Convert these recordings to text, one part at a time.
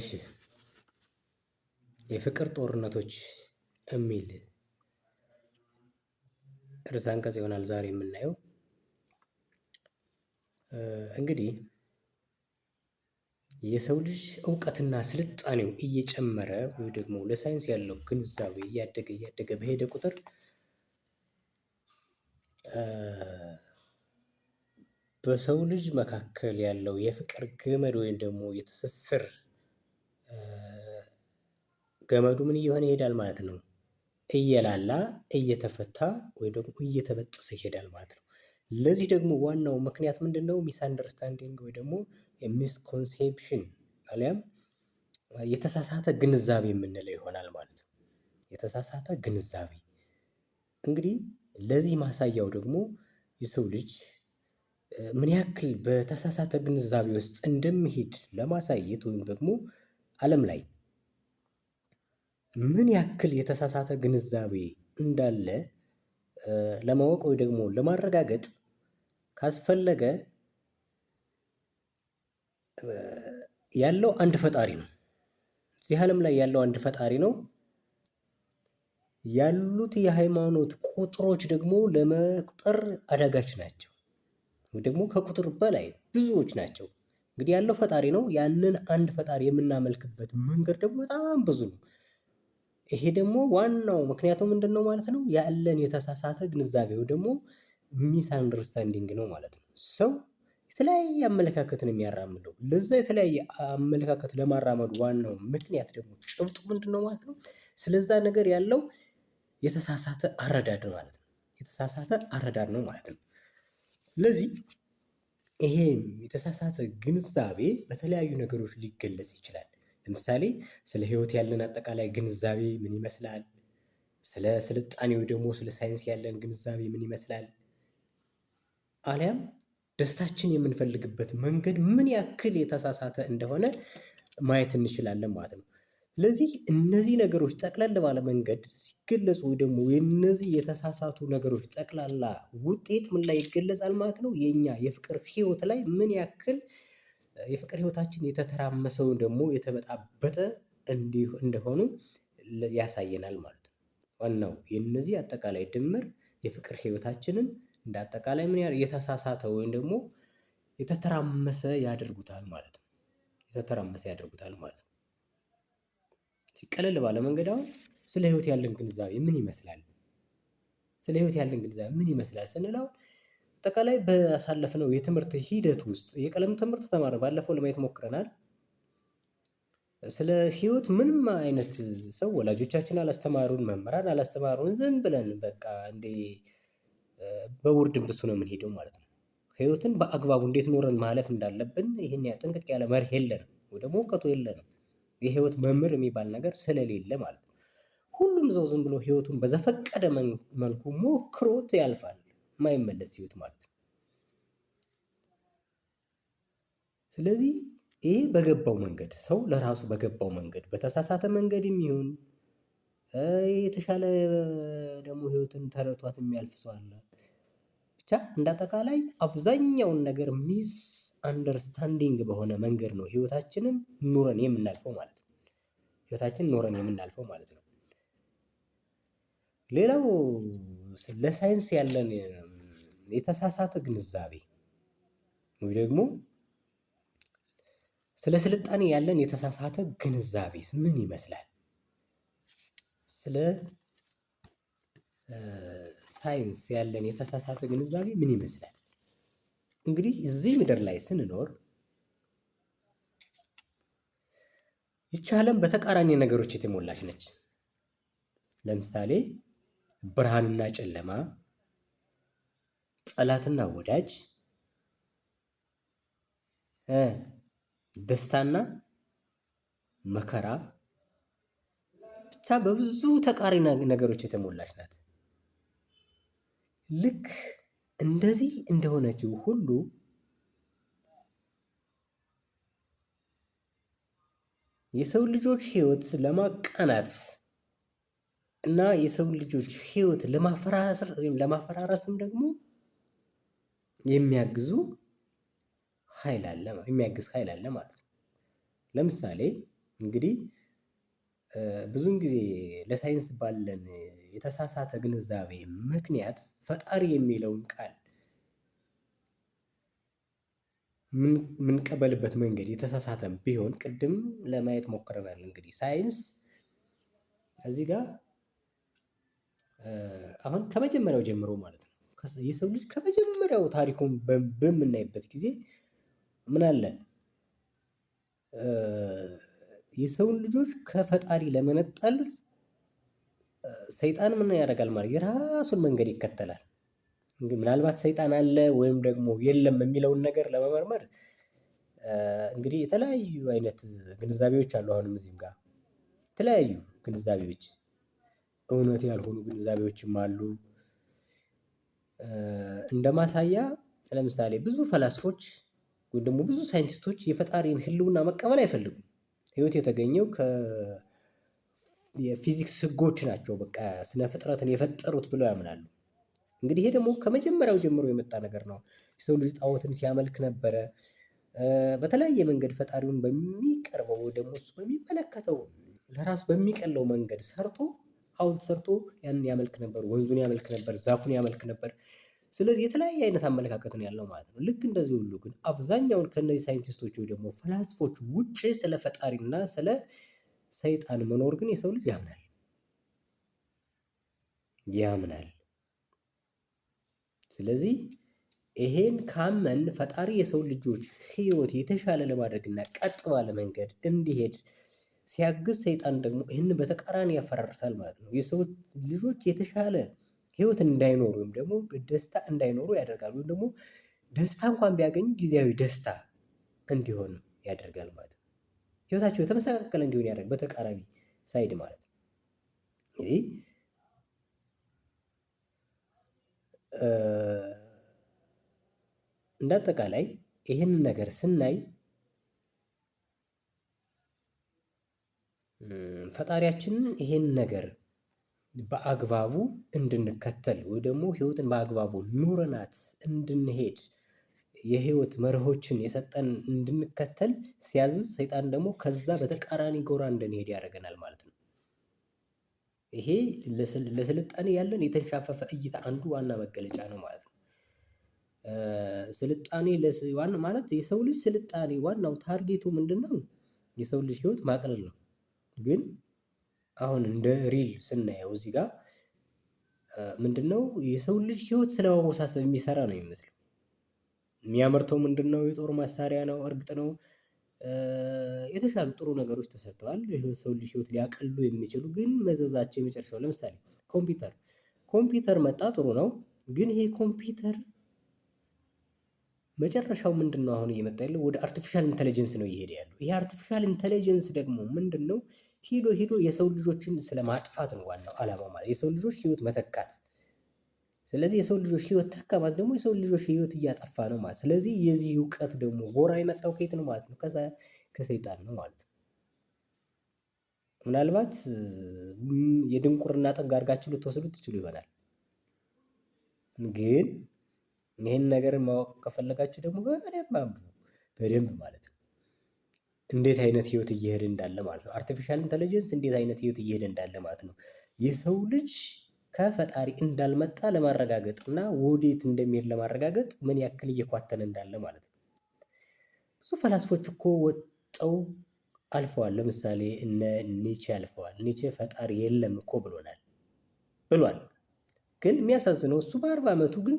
እሺ የፍቅር ጦርነቶች የሚል ርዕሰ አንቀጽ ይሆናል ዛሬ የምናየው። እንግዲህ የሰው ልጅ እውቀትና ስልጣኔው እየጨመረ ወይ ደግሞ ለሳይንስ ያለው ግንዛቤ እያደገ እያደገ በሄደ ቁጥር በሰው ልጅ መካከል ያለው የፍቅር ገመድ ወይም ደግሞ የትስስር ገመዱ ምን እየሆነ ይሄዳል ማለት ነው እየላላ እየተፈታ ወይ ደግሞ እየተበጠሰ ይሄዳል ማለት ነው። ለዚህ ደግሞ ዋናው ምክንያት ምንድን ነው? ሚስ አንደርስታንዲንግ ወይ ደግሞ ሚስ አሊያም የተሳሳተ ግንዛቤ የምንለው ይሆናል ማለት ነው። የተሳሳተ ግንዛቤ እንግዲህ ለዚህ ማሳያው ደግሞ የሰው ልጅ ምን ያክል በተሳሳተ ግንዛቤ ውስጥ እንደሚሄድ ለማሳየት ወይም ደግሞ ዓለም ላይ ምን ያክል የተሳሳተ ግንዛቤ እንዳለ ለማወቅ ወይ ደግሞ ለማረጋገጥ ካስፈለገ ያለው አንድ ፈጣሪ ነው። እዚህ ዓለም ላይ ያለው አንድ ፈጣሪ ነው። ያሉት የሃይማኖት ቁጥሮች ደግሞ ለመቁጠር አዳጋች ናቸው፣ ወይ ደግሞ ከቁጥር በላይ ብዙዎች ናቸው። እንግዲህ ያለው ፈጣሪ ነው። ያንን አንድ ፈጣሪ የምናመልክበት መንገድ ደግሞ በጣም ብዙ ነው። ይሄ ደግሞ ዋናው ምክንያቱ ምንድነው ማለት ነው? ያለን የተሳሳተ ግንዛቤው ደግሞ ሚስ አንደርስታንዲንግ ነው ማለት ነው። ሰው የተለያየ አመለካከት ነው የሚያራምደው። ለዛ የተለያየ አመለካከት ለማራመዱ ዋናው ምክንያት ደግሞ ጭብጡ ነው ማለት ነው? ስለዛ ነገር ያለው የተሳሳተ አረዳድ ማለት ነው። የተሳሳተ አረዳድ ነው ማለት ነው። ስለዚህ ይሄም የተሳሳተ ግንዛቤ በተለያዩ ነገሮች ሊገለጽ ይችላል። ለምሳሌ ስለ ህይወት ያለን አጠቃላይ ግንዛቤ ምን ይመስላል? ስለ ስልጣኔ ወይ ደግሞ ስለ ሳይንስ ያለን ግንዛቤ ምን ይመስላል? አሊያም ደስታችን የምንፈልግበት መንገድ ምን ያክል የተሳሳተ እንደሆነ ማየት እንችላለን ማለት ነው። ስለዚህ እነዚህ ነገሮች ጠቅለል ባለ መንገድ ሲገለጹ ወይ ደግሞ የነዚህ የተሳሳቱ ነገሮች ጠቅላላ ውጤት ምን ላይ ይገለጻል ማለት ነው? የእኛ የፍቅር ህይወት ላይ ምን ያክል የፍቅር ህይወታችን የተተራመሰው ደግሞ የተበጣበጠ እንደሆኑ ያሳየናል ማለት ነው። ዋናው የነዚህ አጠቃላይ ድምር የፍቅር ህይወታችንን እንደ አጠቃላይ ምን ያህል የተሳሳተ ወይም ደግሞ የተተራመሰ ያደርጉታል ማለት ነው። የተተራመሰ ያደርጉታል ማለት ነው። ሲቀለል ባለ መንገድ አሁን ስለ ህይወት ያለን ግንዛቤ ምን ይመስላል? ስለ ህይወት ያለን ግንዛቤ ምን ይመስላል ስንለው አጠቃላይ ባሳለፍነው የትምህርት ሂደት ውስጥ የቀለም ትምህርት ተማር ባለፈው ለማየት ሞክረናል። ስለ ህይወት ምንም አይነት ሰው ወላጆቻችን አላስተማሩን፣ መምህራን አላስተማሩን። ዝም ብለን በቃ እንዴ በውርድ ብሱ ነው የምንሄደው ማለት ነው። ህይወትን በአግባቡ እንዴት ኖረን ማለፍ እንዳለብን ይህን ጥንቅቅ ያለ መርህ የለንም፣ ወደ ሞቀቱ የለንም። የህይወት መምህር የሚባል ነገር ስለሌለ ማለት ነው። ሁሉም ሰው ዝም ብሎ ህይወቱን በዘፈቀደ መልኩ ሞክሮት ያልፋል። ማይመለስ ህይወት ማለት ነው። ስለዚህ ይሄ በገባው መንገድ ሰው ለራሱ በገባው መንገድ በተሳሳተ መንገድ የሚሆን የተሻለ ደግሞ ህይወትን ተረቷት የሚያልፍ ሰው አለ። ብቻ እንዳጠቃላይ አብዛኛውን ነገር ሚስ አንደርስታንዲንግ በሆነ መንገድ ነው ህይወታችንን ኑረን የምናልፈው ማለት ነው። ህይወታችንን ኑረን የምናልፈው ማለት ነው። ሌላው ለሳይንስ ያለን የተሳሳተ ግንዛቤ ወይ ደግሞ ስለ ስልጣኔ ያለን የተሳሳተ ግንዛቤ ምን ይመስላል? ስለ ሳይንስ ያለን የተሳሳተ ግንዛቤ ምን ይመስላል? እንግዲህ እዚህ ምድር ላይ ስንኖር ይቺ ዓለም በተቃራኒ ነገሮች የተሞላች ነች። ለምሳሌ ብርሃንና ጨለማ ጸላትና ወዳጅ፣ ደስታና መከራ ብቻ በብዙ ተቃሪ ነገሮች የተሞላች ናት። ልክ እንደዚህ እንደሆነችው ሁሉ የሰው ልጆች ሕይወት ለማቃናት እና የሰው ልጆች ሕይወት ለማፈራረስም ደግሞ የሚያግዙ ኃይል አለ የሚያግዝ ኃይል አለ ማለት ነው። ለምሳሌ እንግዲህ ብዙን ጊዜ ለሳይንስ ባለን የተሳሳተ ግንዛቤ ምክንያት ፈጣሪ የሚለውን ቃል የምንቀበልበት መንገድ የተሳሳተም ቢሆን ቅድም ለማየት ሞክረናል። እንግዲህ ሳይንስ እዚህ ጋር አሁን ከመጀመሪያው ጀምሮ ማለት ነው የሰው ልጅ ከመጀመሪያው ታሪኩን በምናይበት ጊዜ ምን አለ የሰውን ልጆች ከፈጣሪ ለመነጠል ሰይጣን ምን ያደርጋል ማለት የራሱን መንገድ ይከተላል። እንግዲህ ምናልባት ሰይጣን አለ ወይም ደግሞ የለም የሚለውን ነገር ለመመርመር እንግዲህ የተለያዩ አይነት ግንዛቤዎች አሉ። አሁንም እዚህም ጋር የተለያዩ ግንዛቤዎች እውነት ያልሆኑ ግንዛቤዎችም አሉ። እንደ ማሳያ ለምሳሌ ብዙ ፈላስፎች ወይም ደግሞ ብዙ ሳይንቲስቶች የፈጣሪን ህልውና መቀበል አይፈልጉም። ህይወት የተገኘው የፊዚክስ ህጎች ናቸው፣ በቃ ስነ ፍጥረትን የፈጠሩት ብለው ያምናሉ። እንግዲህ ይሄ ደግሞ ከመጀመሪያው ጀምሮ የመጣ ነገር ነው። የሰው ልጅ ጣዖትን ሲያመልክ ነበረ። በተለያየ መንገድ ፈጣሪውን በሚቀርበው ደግሞ እሱ በሚመለከተው ለራሱ በሚቀለው መንገድ ሰርቶ ሐውልት ሰርቶ ያንን ያመልክ ነበር፣ ወንዙን ያመልክ ነበር፣ ዛፉን ያመልክ ነበር። ስለዚህ የተለያየ አይነት አመለካከት ነው ያለው ማለት ነው። ልክ እንደዚህ ሁሉ ግን አብዛኛውን ከእነዚህ ሳይንቲስቶች ወይ ደግሞ ፈላስፎች ውጭ ስለ ፈጣሪና ስለ ሰይጣን መኖር ግን የሰው ልጅ ያምናል ያምናል። ስለዚህ ይሄን ካመን ፈጣሪ የሰው ልጆች ህይወት የተሻለ ለማድረግና ቀጥ ባለ መንገድ እንዲሄድ ሲያግዝ ሰይጣን ደግሞ ይህንን በተቃራኒ ያፈራርሳል ማለት ነው። የሰዎች ልጆች የተሻለ ህይወት እንዳይኖሩ ወይም ደግሞ ደስታ እንዳይኖሩ ያደርጋል። ወይም ደግሞ ደስታ እንኳን ቢያገኙ ጊዜያዊ ደስታ እንዲሆን ያደርጋል ማለት ነው። ህይወታቸው የተመሰቃቀለ እንዲሆን ያደርጋል፣ በተቃራኒ ሳይድ ማለት ነው። እንግዲህ እንደ አጠቃላይ ይህንን ነገር ስናይ ፈጣሪያችንን ይሄን ነገር በአግባቡ እንድንከተል ወይ ደግሞ ህይወትን በአግባቡ ኑረናት እንድንሄድ የህይወት መርሆችን የሰጠን እንድንከተል ሲያዝዝ ሰይጣን ደግሞ ከዛ በተቃራኒ ጎራ እንድንሄድ ያደርገናል ማለት ነው። ይሄ ለስልጣኔ ያለን የተንሻፈፈ እይታ አንዱ ዋና መገለጫ ነው ማለት ነው። ስልጣኔ ማለት የሰው ልጅ ስልጣኔ ዋናው ታርጌቱ ምንድነው? የሰው ልጅ ህይወት ማቅለል ነው። ግን አሁን እንደ ሪል ስናየው እዚህ ጋር ምንድነው የሰው ልጅ ህይወት ስለማወሳሰብ የሚሰራ ነው የሚመስለው። የሚያመርተው ምንድነው? የጦር መሳሪያ ነው። እርግጥ ነው የተሻሉ ጥሩ ነገሮች ተሰርተዋል የሰው ልጅ ህይወት ሊያቀሉ የሚችሉ ግን መዘዛቸው የመጨረሻው ለምሳሌ ኮምፒውተር ኮምፒውተር መጣ ጥሩ ነው። ግን ይሄ ኮምፒውተር መጨረሻው ምንድነው? አሁን እየመጣ ያለው ወደ አርቲፊሻል ኢንተለጀንስ ነው እየሄደ ያለው ይሄ አርቲፊሻል ኢንተለጀንስ ደግሞ ምንድነው ሂዶ ሂዶ የሰው ልጆችን ስለማጥፋት ነው ዋናው አላማ ማለት የሰው ልጆች ህይወት መተካት። ስለዚህ የሰው ልጆች ህይወት ተካ ማለት ደግሞ የሰው ልጆች ህይወት እያጠፋ ነው ማለት። ስለዚህ የዚህ እውቀት ደግሞ ጎራ የመጣው ከየት ነው ማለት ነው? ከሰይጣን ነው ማለት ነው። ምናልባት የድንቁርና ጥግ አድርጋችሁ ልትወስዱ ትችሉ ይሆናል። ግን ይህን ነገር ማወቅ ከፈለጋችሁ ደግሞ በደንብ አንብቡ፣ በደንብ ማለት ነው። እንዴት አይነት ህይወት እየሄደ እንዳለ ማለት ነው። አርቲፊሻል ኢንተለጀንስ እንዴት አይነት ህይወት እየሄደ እንዳለ ማለት ነው። የሰው ልጅ ከፈጣሪ እንዳልመጣ ለማረጋገጥ እና ወዴት እንደሚሄድ ለማረጋገጥ ምን ያክል እየኳተነ እንዳለ ማለት ነው። ብዙ ፈላስፎች እኮ ወጠው አልፈዋል። ለምሳሌ እነ ኒቼ አልፈዋል። ኒቼ ፈጣሪ የለም እኮ ብሎናል ብሏል። ግን የሚያሳዝነው እሱ በአርባ ዓመቱ ግን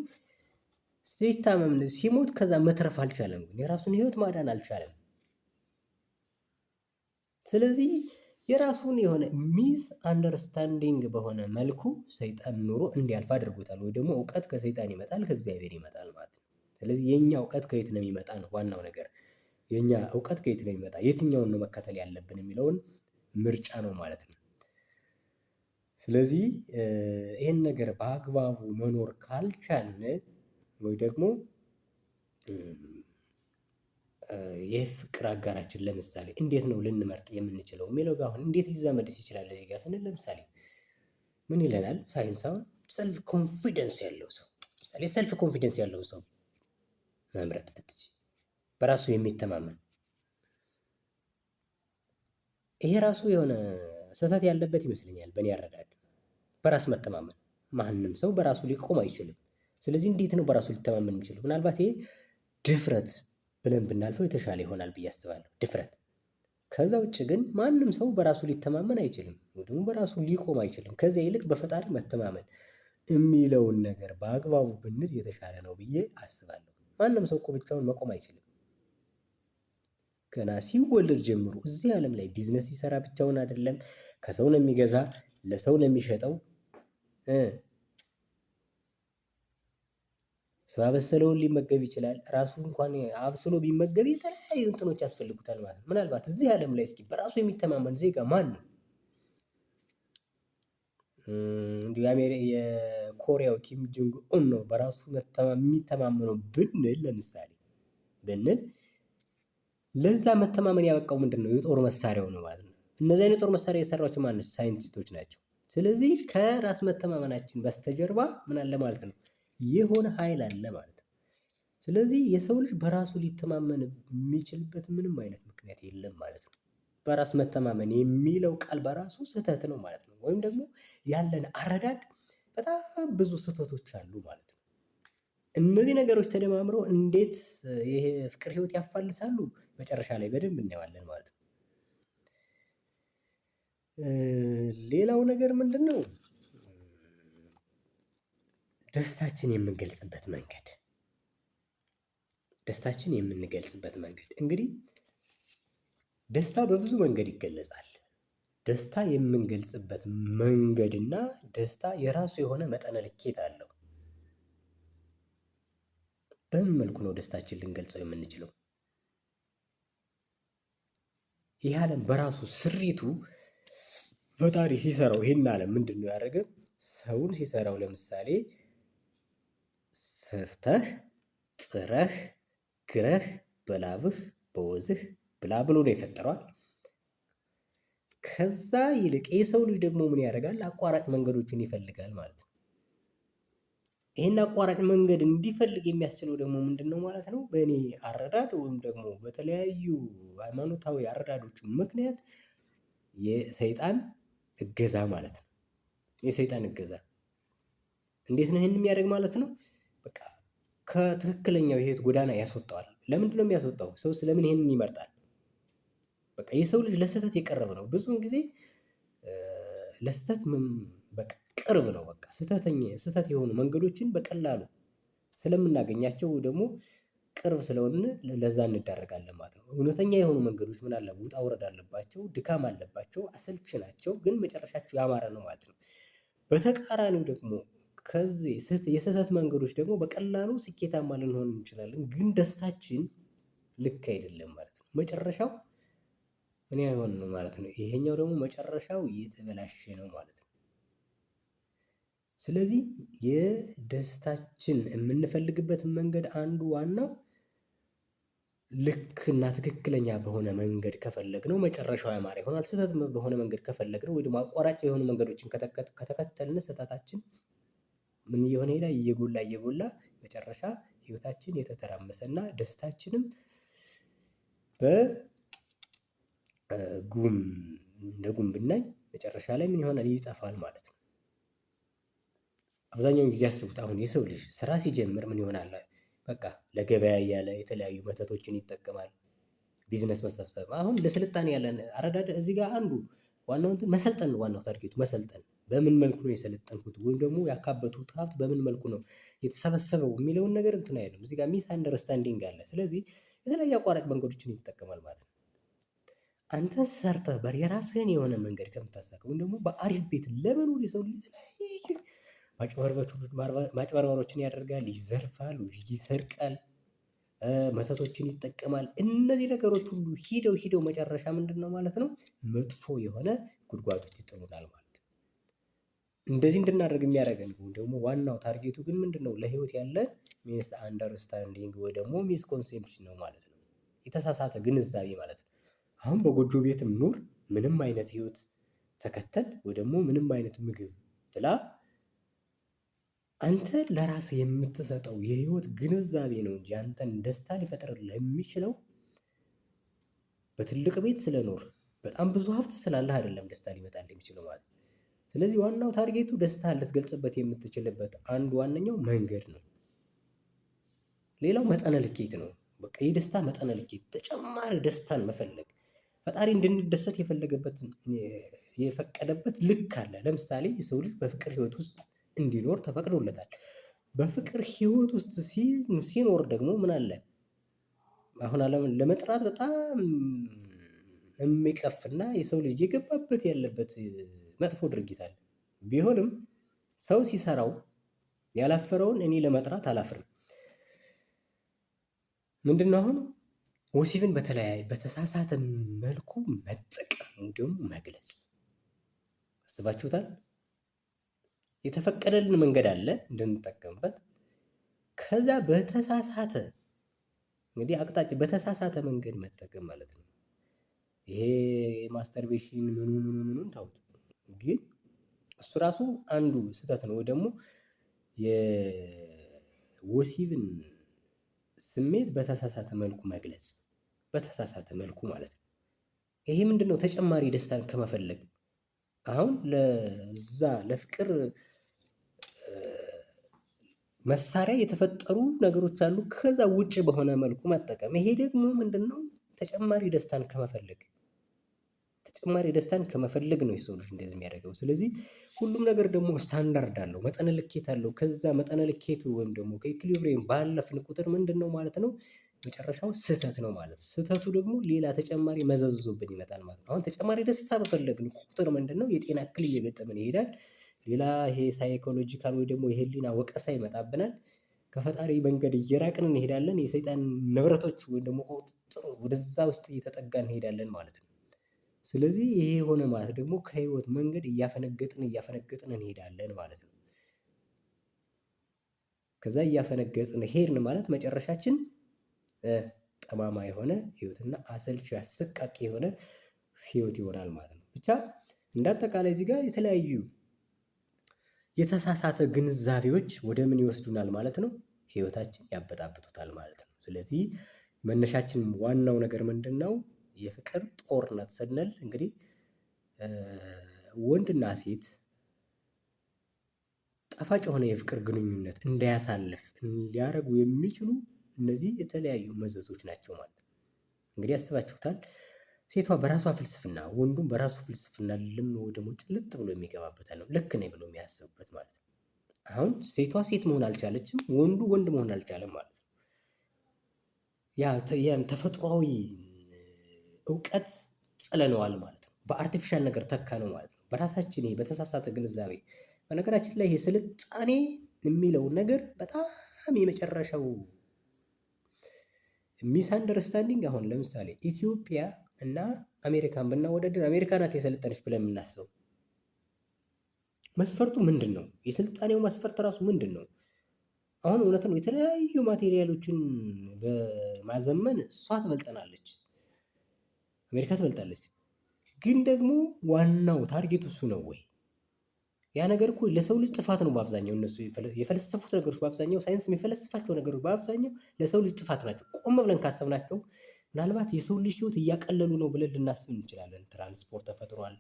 ሲታመም ሲሞት ከዛ መትረፍ አልቻለም። ግን የራሱን ህይወት ማዳን አልቻለም። ስለዚህ የራሱን የሆነ ሚስ አንደርስታንዲንግ በሆነ መልኩ ሰይጣን ኑሮ እንዲያልፍ አድርጎታል። ወይ ደግሞ እውቀት ከሰይጣን ይመጣል ከእግዚአብሔር ይመጣል ማለት ነው። ስለዚህ የእኛ እውቀት ከየት ነው የሚመጣ ነው ዋናው ነገር። የእኛ እውቀት ከየት ነው የሚመጣ፣ የትኛውን ነው መከተል ያለብን የሚለውን ምርጫ ነው ማለት ነው። ስለዚህ ይህን ነገር በአግባቡ መኖር ካልቻልን ወይ ደግሞ የፍቅር አጋራችን ለምሳሌ እንዴት ነው ልንመርጥ የምንችለው የሚለው ጋር አሁን እንዴት ሊዛመድስ ይችላል? እዚህ ጋር ስንል ለምሳሌ ምን ይለናል ሳይንስ ሰልፍ ኮንፊደንስ ያለው ሰው ምሳሌ ሰልፍ ኮንፊደንስ ያለው ሰው መምረጥ ብትች በራሱ የሚተማመን ይሄ ራሱ የሆነ ስህተት ያለበት ይመስለኛል። በእኔ ያረዳድ በራስ መተማመን ማንም ሰው በራሱ ሊቆም አይችልም። ስለዚህ እንዴት ነው በራሱ ሊተማመን የሚችለው? ምናልባት ይሄ ድፍረት ብለን ብናልፈው የተሻለ ይሆናል ብዬ አስባለሁ። ድፍረት ከዛ ውጭ ግን ማንም ሰው በራሱ ሊተማመን አይችልም፣ ወይ ደግሞ በራሱ ሊቆም አይችልም። ከዚያ ይልቅ በፈጣሪ መተማመን የሚለውን ነገር በአግባቡ ብንዝ የተሻለ ነው ብዬ አስባለሁ። ማንም ሰው እኮ ብቻውን መቆም አይችልም። ገና ሲወለድ ጀምሮ እዚህ ዓለም ላይ ቢዝነስ ሲሰራ ብቻውን አይደለም፣ ከሰው ነው የሚገዛ፣ ለሰው ነው የሚሸጠው። ሰው ያበሰለውን ሊመገብ ይችላል። ራሱ እንኳን አብስሎ ቢመገብ የተለያዩ እንትኖች ያስፈልጉታል ማለት ምናልባት እዚህ ዓለም ላይ እስኪ በራሱ የሚተማመን ዜጋ ማን ነው? እንዲሁ የኮሪያው ኪም ጆንግ ኡን ነው በራሱ የሚተማመነው ብንል ለምሳሌ ብንል ለዛ መተማመን ያበቃው ምንድን ነው? የጦር መሳሪያው ነው ማለት ነው። እነዚህ አይነት ጦር መሳሪያ የሰራቸው ማነች? ሳይንቲስቶች ናቸው። ስለዚህ ከራስ መተማመናችን በስተጀርባ ምን አለ ማለት ነው የሆነ ኃይል አለ ማለት ነው። ስለዚህ የሰው ልጅ በራሱ ሊተማመን የሚችልበት ምንም አይነት ምክንያት የለም ማለት ነው። በራስ መተማመን የሚለው ቃል በራሱ ስህተት ነው ማለት ነው። ወይም ደግሞ ያለን አረዳድ በጣም ብዙ ስህተቶች አሉ ማለት ነው። እነዚህ ነገሮች ተደማምረው እንዴት ይሄ ፍቅር ህይወት ያፋልሳሉ መጨረሻ ላይ በደንብ እናየዋለን ማለት ነው። ሌላው ነገር ነው? ደስታችን የምንገልጽበት መንገድ ደስታችን የምንገልጽበት መንገድ እንግዲህ ደስታ በብዙ መንገድ ይገለጻል። ደስታ የምንገልጽበት መንገድና ደስታ የራሱ የሆነ መጠነ ልኬት አለው። በምን መልኩ ነው ደስታችን ልንገልጸው የምንችለው? ይህ ዓለም በራሱ ስሪቱ ፈጣሪ ሲሰራው ይህን ዓለም ምንድን ነው ያደረገ? ሰውን ሲሰራው ለምሳሌ ሰፍተህ ጥረህ ግረህ በላብህ በወዝህ ብላ ብሎ ነው የፈጠረዋል። ከዛ ይልቅ የሰው ልጅ ደግሞ ምን ያደርጋል? አቋራጭ መንገዶችን ይፈልጋል ማለት ነው። ይህን አቋራጭ መንገድ እንዲፈልግ የሚያስችለው ደግሞ ምንድን ነው ማለት ነው? በእኔ አረዳድ ወይም ደግሞ በተለያዩ ሃይማኖታዊ አረዳዶች ምክንያት የሰይጣን እገዛ ማለት ነው። የሰይጣን እገዛ እንዴት ነው ይህን የሚያደርግ ማለት ነው? ከትክክለኛው የህይወት ጎዳና ያስወጣዋል። ለምንድን ነው የሚያስወጣው? ሰው ስለምን ይሄንን ይመርጣል? በቃ የሰው ልጅ ለስህተት የቀረበ ነው። ብዙውን ጊዜ ለስህተት በቃ ቅርብ ነው። በቃ ስህተተኛ ስህተት የሆኑ መንገዶችን በቀላሉ ስለምናገኛቸው ደግሞ ቅርብ ስለሆነ ለዛ እንዳረጋለን ማለት ነው። እውነተኛ የሆኑ መንገዶች ምን አለ ውጣ ውረድ አለባቸው፣ ድካም አለባቸው፣ አሰልቺ ናቸው፣ ግን መጨረሻቸው ያማረ ነው ማለት ነው። በተቃራኒው ደግሞ ከዚህ የስህተት መንገዶች ደግሞ በቀላሉ ስኬታማ ልንሆን እንችላለን። ግን ደስታችን ልክ አይደለም ማለት ነው። መጨረሻው ምን አይሆን ነው ማለት ነው። ይሄኛው ደግሞ መጨረሻው የተበላሸ ነው ማለት ነው። ስለዚህ የደስታችን የምንፈልግበት መንገድ አንዱ ዋናው ልክ እና ትክክለኛ በሆነ መንገድ ከፈለግ ነው መጨረሻው ያማረ ይሆናል። ስህተት በሆነ መንገድ ከፈለግ ነው ወይ ደግሞ አቋራጭ የሆኑ መንገዶችን ከተከተልን ስህተታችን ምን እየሆነ ይሄዳል እየጎላ እየጎላ መጨረሻ ህይወታችን እና ደስታችንም በጉም እንደ ጉም ብናኝ መጨረሻ ላይ ምን ይሆናል ይጠፋል ማለት ነው። አብዛኛውን ጊዜ አስቡት አሁን የሰው ልጅ ስራ ሲጀምር ምን ይሆናል? በቃ ለገበያ እያለ የተለያዩ መተቶችን ይጠቀማል። ቢዝነስ መሰብሰብ አሁን ለስልጣኔ ያለን አረዳድ እዚህ ጋር አንዱ ዋናው እንትን መሰልጠን ዋናው ታርጌቱ መሰልጠን በምን መልኩ ነው የሰለጠንኩት ወይም ደግሞ ያካበቱት ሀብት በምን መልኩ ነው የተሰበሰበው የሚለውን ነገር እንትን አይደለም። እዚህ ጋር ሚስ አንደርስታንዲንግ አለ። ስለዚህ የተለያዩ አቋራጭ መንገዶችን ይጠቀማል ማለት ነው። አንተ ሰርተህ በር የራስህን የሆነ መንገድ ከምታሳካ ወይም ደግሞ በአሪፍ ቤት ለመኖር የሰው ልጅ ማጭበርበሮችን ያደርጋል፣ ይዘርፋል፣ ይሰርቃል፣ መተቶችን ይጠቀማል። እነዚህ ነገሮች ሁሉ ሂደው ሂደው መጨረሻ ምንድን ነው ማለት ነው መጥፎ የሆነ ጉድጓዶች ይጥሉናል ማለት ነው። እንደዚህ እንድናደርግ የሚያደርገን ደግሞ ዋናው ታርጌቱ ግን ምንድን ነው? ለህይወት ያለ ሚስ አንደርስታንዲንግ ወይ ደግሞ ሚስ ኮንሴፕሽን ነው ማለት ነው። የተሳሳተ ግንዛቤ ማለት ነው። አሁን በጎጆ ቤትም ኑር ምንም አይነት ህይወት ተከተል ወይ ደግሞ ምንም አይነት ምግብ ብላ አንተ ለራስህ የምትሰጠው የህይወት ግንዛቤ ነው እንጂ አንተን ደስታ ሊፈጥርልህ የሚችለው በትልቅ ቤት ስለኖር በጣም ብዙ ሀብት ስላለህ አይደለም ደስታ ሊመጣልህ የሚችለው ማለት ነው። ስለዚህ ዋናው ታርጌቱ ደስታ ልትገልጽበት የምትችልበት አንድ ዋነኛው መንገድ ነው። ሌላው መጠነ ልኬት ነው። በቃ የደስታ መጠነ ልኬት ተጨማሪ ደስታን መፈለግ ፈጣሪ እንድንደሰት የፈለገበት የፈቀደበት ልክ አለ። ለምሳሌ የሰው ልጅ በፍቅር ህይወት ውስጥ እንዲኖር ተፈቅዶለታል። በፍቅር ህይወት ውስጥ ሲኖር ደግሞ ምን አለ አሁን አለም ለመጥራት በጣም የሚቀፍና የሰው ልጅ የገባበት ያለበት መጥፎ ድርጊት አለ። ቢሆንም ሰው ሲሰራው ያላፈረውን እኔ ለመጥራት አላፍርም። ምንድነው አሁን ወሲብን በተለያየ በተሳሳተ መልኩ መጠቀም እንዲሁም መግለጽ አስባችሁታል። የተፈቀደልን መንገድ አለ እንድንጠቀምበት። ከዛ በተሳሳተ እንግዲህ አቅጣጫ በተሳሳተ መንገድ መጠቀም ማለት ነው። ይሄ ማስተርቤሽን ምኑ ምኑ ምኑን ታውት? ግን እሱ ራሱ አንዱ ስህተት ነው። ወይ ደግሞ የወሲብን ስሜት በተሳሳተ መልኩ መግለጽ በተሳሳተ መልኩ ማለት ነው። ይሄ ምንድን ነው? ተጨማሪ ደስታን ከመፈለግ አሁን ለዛ ለፍቅር መሳሪያ የተፈጠሩ ነገሮች አሉ። ከዛ ውጭ በሆነ መልኩ መጠቀም ይሄ ደግሞ ምንድን ነው? ተጨማሪ ደስታን ከመፈለግ ተጨማሪ ደስታን ከመፈለግ ነው የሰው ልጅ እንደዚህ የሚያደርገው። ስለዚህ ሁሉም ነገር ደግሞ ስታንዳርድ አለው፣ መጠነ ልኬት አለው። ከዛ መጠነ ልኬቱ ወይም ደግሞ ከኢኩሊብሪየም ባለፍን ቁጥር ምንድን ነው ማለት ነው መጨረሻው ስህተት ነው ማለት ነው። ስህተቱ ደግሞ ሌላ ተጨማሪ መዘዝዞብን ይመጣል ማለት ነው። አሁን ተጨማሪ ደስታ በፈለግን ቁጥር ምንድን ነው የጤና እክል እየገጠመን ይሄዳል። ሌላ ይሄ ሳይኮሎጂካል ወይ ደግሞ የህሊና ወቀሳ ይመጣብናል። ከፈጣሪ መንገድ እየራቅን እንሄዳለን። የሰይጣን ንብረቶች ወይም ደግሞ ቁጥጥር ወደዛ ውስጥ እየተጠጋን እንሄዳለን ማለት ነው። ስለዚህ ይሄ የሆነ ማለት ደግሞ ከህይወት መንገድ እያፈነገጥን እያፈነገጥን እንሄዳለን ማለት ነው። ከዛ እያፈነገጥን ሄድን ማለት መጨረሻችን ጠማማ የሆነ ህይወትና አሰልቺ አሰቃቂ የሆነ ህይወት ይሆናል ማለት ነው። ብቻ እንደ አጠቃላይ እዚህ ጋር የተለያዩ የተሳሳተ ግንዛቤዎች ወደ ምን ይወስዱናል ማለት ነው ህይወታችን ያበጣብጡታል ማለት ነው። ስለዚህ መነሻችን ዋናው ነገር ምንድን ነው? የፍቅር ጦርነት ስንል እንግዲህ ወንድና ሴት ጣፋጭ የሆነ የፍቅር ግንኙነት እንዳያሳልፍ ሊያደርጉ የሚችሉ እነዚህ የተለያዩ መዘዞች ናቸው ማለት ነው። እንግዲህ አስባችሁታል። ሴቷ በራሷ ፍልስፍና ወንዱም በራሱ ፍልስፍና ልም ወይ ደግሞ ጭልጥ ብሎ የሚገባበት አለው ልክ ነኝ ብሎ የሚያስብበት ማለት ነው። አሁን ሴቷ ሴት መሆን አልቻለችም፣ ወንዱ ወንድ መሆን አልቻለም ማለት ነው። ያ ተፈጥሯዊ እውቀት ጥለነዋል ማለት ነው። በአርቲፊሻል ነገር ተካ ነው ማለት ነው። በራሳችን ይሄ በተሳሳተ ግንዛቤ በነገራችን ላይ ይሄ ስልጣኔ የሚለው ነገር በጣም የመጨረሻው ሚስ አንደርስታንዲንግ። አሁን ለምሳሌ ኢትዮጵያ እና አሜሪካን ብናወዳደር አሜሪካ ናት የሰለጠነች ብለን የምናስበው መስፈርቱ ምንድን ነው? የስልጣኔው መስፈርት ራሱ ምንድን ነው? አሁን እውነት ነው የተለያዩ ማቴሪያሎችን በማዘመን እሷ ትበልጠናለች። አሜሪካ ትበልጣለች። ግን ደግሞ ዋናው ታርጌቱ እሱ ነው ወይ? ያ ነገር እኮ ለሰው ልጅ ጥፋት ነው። በአብዛኛው እነሱ የፈለሰፉት ነገሮች በአብዛኛው ሳይንስ የሚፈለስፋቸው ነገሮች በአብዛኛው ለሰው ልጅ ጥፋት ናቸው። ቆም ብለን ካሰብናቸው ምናልባት የሰው ልጅ ህይወት እያቀለሉ ነው ብለን ልናስብ እንችላለን። ትራንስፖርት ተፈጥሯል፣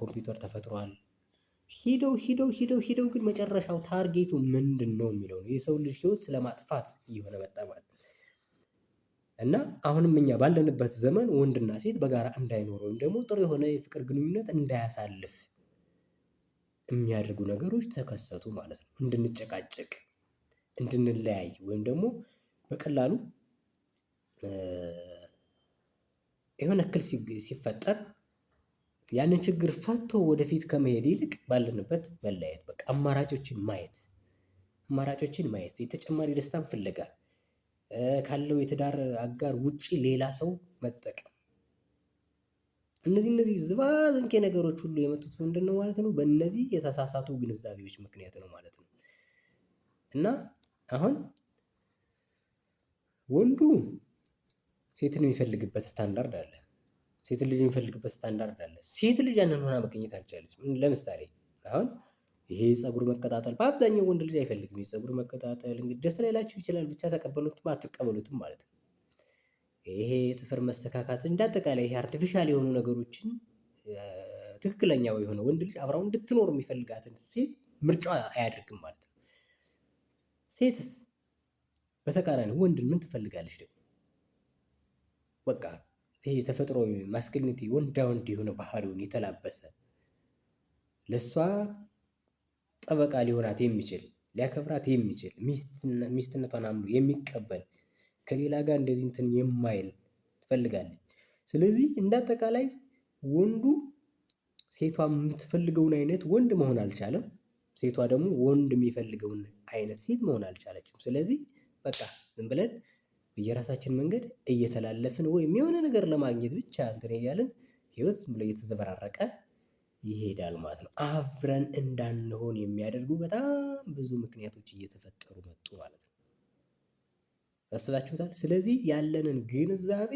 ኮምፒውተር ተፈጥሯል። ሂደው ሂደው ሂደው ሂደው ግን መጨረሻው ታርጌቱ ምንድን ነው የሚለው የሰው ልጅ ህይወት ስለማጥፋት እየሆነ መጣ ማለት እና አሁንም እኛ ባለንበት ዘመን ወንድና ሴት በጋራ እንዳይኖር ወይም ደግሞ ጥሩ የሆነ የፍቅር ግንኙነት እንዳያሳልፍ የሚያደርጉ ነገሮች ተከሰቱ ማለት ነው። እንድንጨቃጨቅ፣ እንድንለያይ ወይም ደግሞ በቀላሉ የሆነ እክል ሲፈጠር ያንን ችግር ፈቶ ወደፊት ከመሄድ ይልቅ ባለንበት መለያየት፣ በቃ አማራጮችን ማየት አማራጮችን ማየት የተጨማሪ ደስታም ፍለጋል ካለው የትዳር አጋር ውጪ ሌላ ሰው መጠቀም እነዚህ እነዚህ ዝባዝንኬ ነገሮች ሁሉ የመጡት ምንድን ነው ማለት ነው? በእነዚህ የተሳሳቱ ግንዛቤዎች ምክንያት ነው ማለት ነው። እና አሁን ወንዱ ሴትን የሚፈልግበት ስታንዳርድ አለ፣ ሴት ልጅ የሚፈልግበት ስታንዳርድ አለ። ሴት ልጅ ያንን ሆና መገኘት አልቻለች። ለምሳሌ አሁን ይሄ ፀጉር መቀጣጠል በአብዛኛው ወንድ ልጅ አይፈልግም። የፀጉር መቀጣጠል እንግዲህ ደስ ላይላችሁ ይችላል፣ ብቻ ተቀበሉትም አትቀበሉትም ማለት ነው። ይሄ ጥፍር መስተካካት እንዳጠቃላይ ይሄ አርቲፊሻል የሆኑ ነገሮችን ትክክለኛ የሆነ ወንድ ልጅ አብራው እንድትኖር የሚፈልጋትን ሴት ምርጫ አያደርግም ማለት ነው። ሴትስ በተቃራኒ ወንድን ምን ትፈልጋለች ደግሞ? በቃ ይሄ ተፈጥሯዊ ማስክሊኒቲ ወንዳ ወንድ የሆነ ባህሪውን የተላበሰ ለእሷ ጠበቃ ሊሆናት የሚችል ሊያከብራት የሚችል ሚስትነቷን አምኖ የሚቀበል ከሌላ ጋር እንደዚህ እንትን የማይል ትፈልጋለች። ስለዚህ እንደ አጠቃላይ ወንዱ ሴቷ የምትፈልገውን አይነት ወንድ መሆን አልቻለም፣ ሴቷ ደግሞ ወንድ የሚፈልገውን አይነት ሴት መሆን አልቻለችም። ስለዚህ በቃ ዝም ብለን የራሳችን መንገድ እየተላለፍን ወይም የሆነ ነገር ለማግኘት ብቻ እንትን እያለን ህይወት ዝም ብሎ እየተዘበራረቀ ይሄዳል ማለት ነው። አብረን እንዳንሆን የሚያደርጉ በጣም ብዙ ምክንያቶች እየተፈጠሩ መጡ ማለት ነው። አስባችሁታል? ስለዚህ ያለንን ግንዛቤ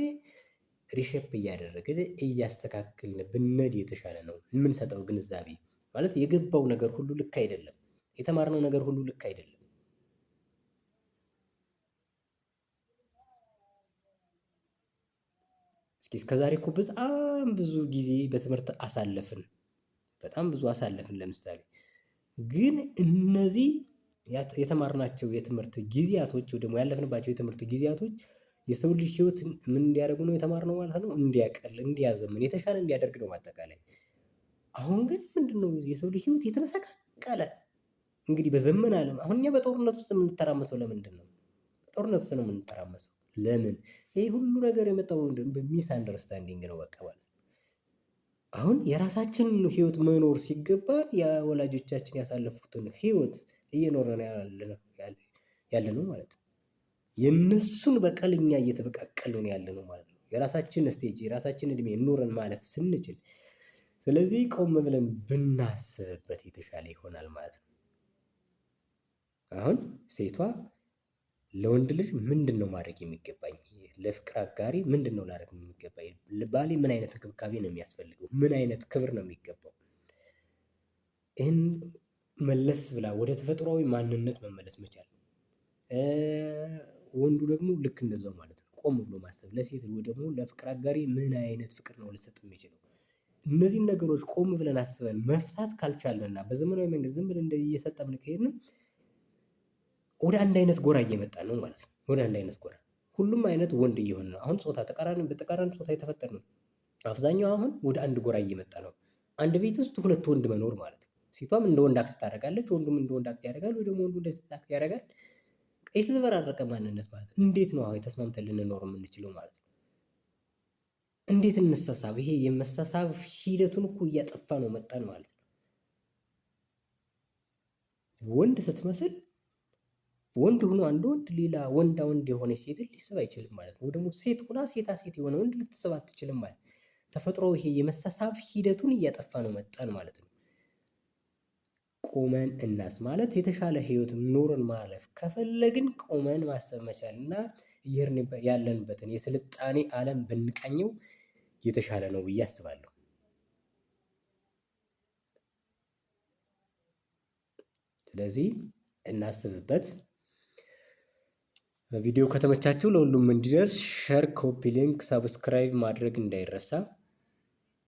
ሪሼፕ እያደረግን እያስተካከልን ብንሄድ የተሻለ ነው። የምንሰጠው ግንዛቤ ማለት የገባው ነገር ሁሉ ልክ አይደለም። የተማርነው ነገር ሁሉ ልክ አይደለም። እስኪ እስከዛሬ እኮ በጣም ብዙ ጊዜ በትምህርት አሳለፍን። በጣም ብዙ አሳለፍን። ለምሳሌ ግን እነዚህ የተማርናቸው የትምህርት ጊዜያቶች ደግሞ ያለፍንባቸው የትምህርት ጊዜያቶች የሰው ልጅ ህይወት ምን እንዲያደርጉ ነው የተማርነው ማለት ነው? እንዲያቀል፣ እንዲያዘምን፣ የተሻለ እንዲያደርግ ነው አጠቃላይ። አሁን ግን ምንድን ነው የሰው ልጅ ህይወት የተመሰቃቀለ እንግዲህ በዘመን ዓለም አሁን እኛ በጦርነት ውስጥ የምንተራመሰው ለምንድን ነው? ጦርነት ውስጥ ነው የምንተራመሰው ለምን? ይህ ሁሉ ነገር የመጣው በሚስ አንደርስታንዲንግ ነው በቃ ማለት ነው። አሁን የራሳችንን ህይወት መኖር ሲገባ የወላጆቻችን ያሳለፉትን ህይወት እየኖረን ያለነው ማለት ነው። የእነሱን በቀል እኛ እየተበቃቀልን ነው ማለት ነው። የራሳችን ስቴጅ የራሳችን እድሜ ኑረን ማለፍ ስንችል፣ ስለዚህ ቆም ብለን ብናስብበት የተሻለ ይሆናል ማለት ነው። አሁን ሴቷ ለወንድ ልጅ ምንድን ነው ማድረግ የሚገባኝ ለፍቅር አጋሪ ምንድን ነው ላደርግ የሚገባ ባሌ ምን አይነት እንክብካቤ ነው የሚያስፈልገው? ምን አይነት ክብር ነው የሚገባው? ይህን መለስ ብላ ወደ ተፈጥሯዊ ማንነት መመለስ መቻል። ወንዱ ደግሞ ልክ እንደዛው ማለት ነው። ቆም ብሎ ማሰብ ለሴት ወይ ደግሞ ለፍቅር አጋሪ ምን አይነት ፍቅር ነው ልሰጥ የሚችለው? እነዚህን ነገሮች ቆም ብለን አስበን መፍታት ካልቻለና በዘመናዊ መንገድ ዝም ብለን እየሰጠምን ከሄድን ወደ አንድ አይነት ጎራ እየመጣ ነው ማለት ነው። ወደ አንድ አይነት ጎራ ሁሉም አይነት ወንድ እየሆን ነው። አሁን ጾታ ተቃራኒ በተቃራኒ ጾታ የተፈጠር ነው። አብዛኛው አሁን ወደ አንድ ጎራ እየመጣ ነው። አንድ ቤት ውስጥ ሁለት ወንድ መኖር ማለት ነው። ሴቷም እንደ ወንድ አክት ታደርጋለች፣ ወንዱም እንደ ወንድ አክት ያደርጋል፣ ወይ ደግሞ ወንዱ እንደ ሴት አክት ያደርጋል። የተዘበራረቀ ማንነት ማለት እንዴት ነው አሁን ተስማምተን ልንኖር የምንችለው ማለት ነው? እንዴት እንሳሳብ? ይሄ የመሳሳብ ሂደቱን እኮ እያጠፋ ነው መጣን ማለት ነው። ወንድ ስትመስል ወንድ ሆኖ አንድ ወንድ ሌላ ወንዳ ወንድ የሆነች ሴትን ሊስብ አይችልም ማለት ነው። ደግሞ ሴት ሆና ሴታ ሴት የሆነ ወንድ ልትስብ አትችልም ማለት ነው። ተፈጥሮ ይሄ የመሳሳብ ሂደቱን እያጠፋ ነው መጣን ማለት ነው። ቆመን እናስ ማለት የተሻለ ህይወት ኖርን ማለፍ ከፈለግን ቆመን ማሰብ መቻል እና ይህን ያለንበትን የስልጣኔ ዓለም ብንቃኘው የተሻለ ነው ብዬ አስባለሁ። ስለዚህ እናስብበት። ቪዲዮ ከተመቻችሁ ለሁሉም እንዲደርስ ሸር፣ ኮፒ ሊንክ፣ ሰብስክራይብ ማድረግ እንዳይረሳ።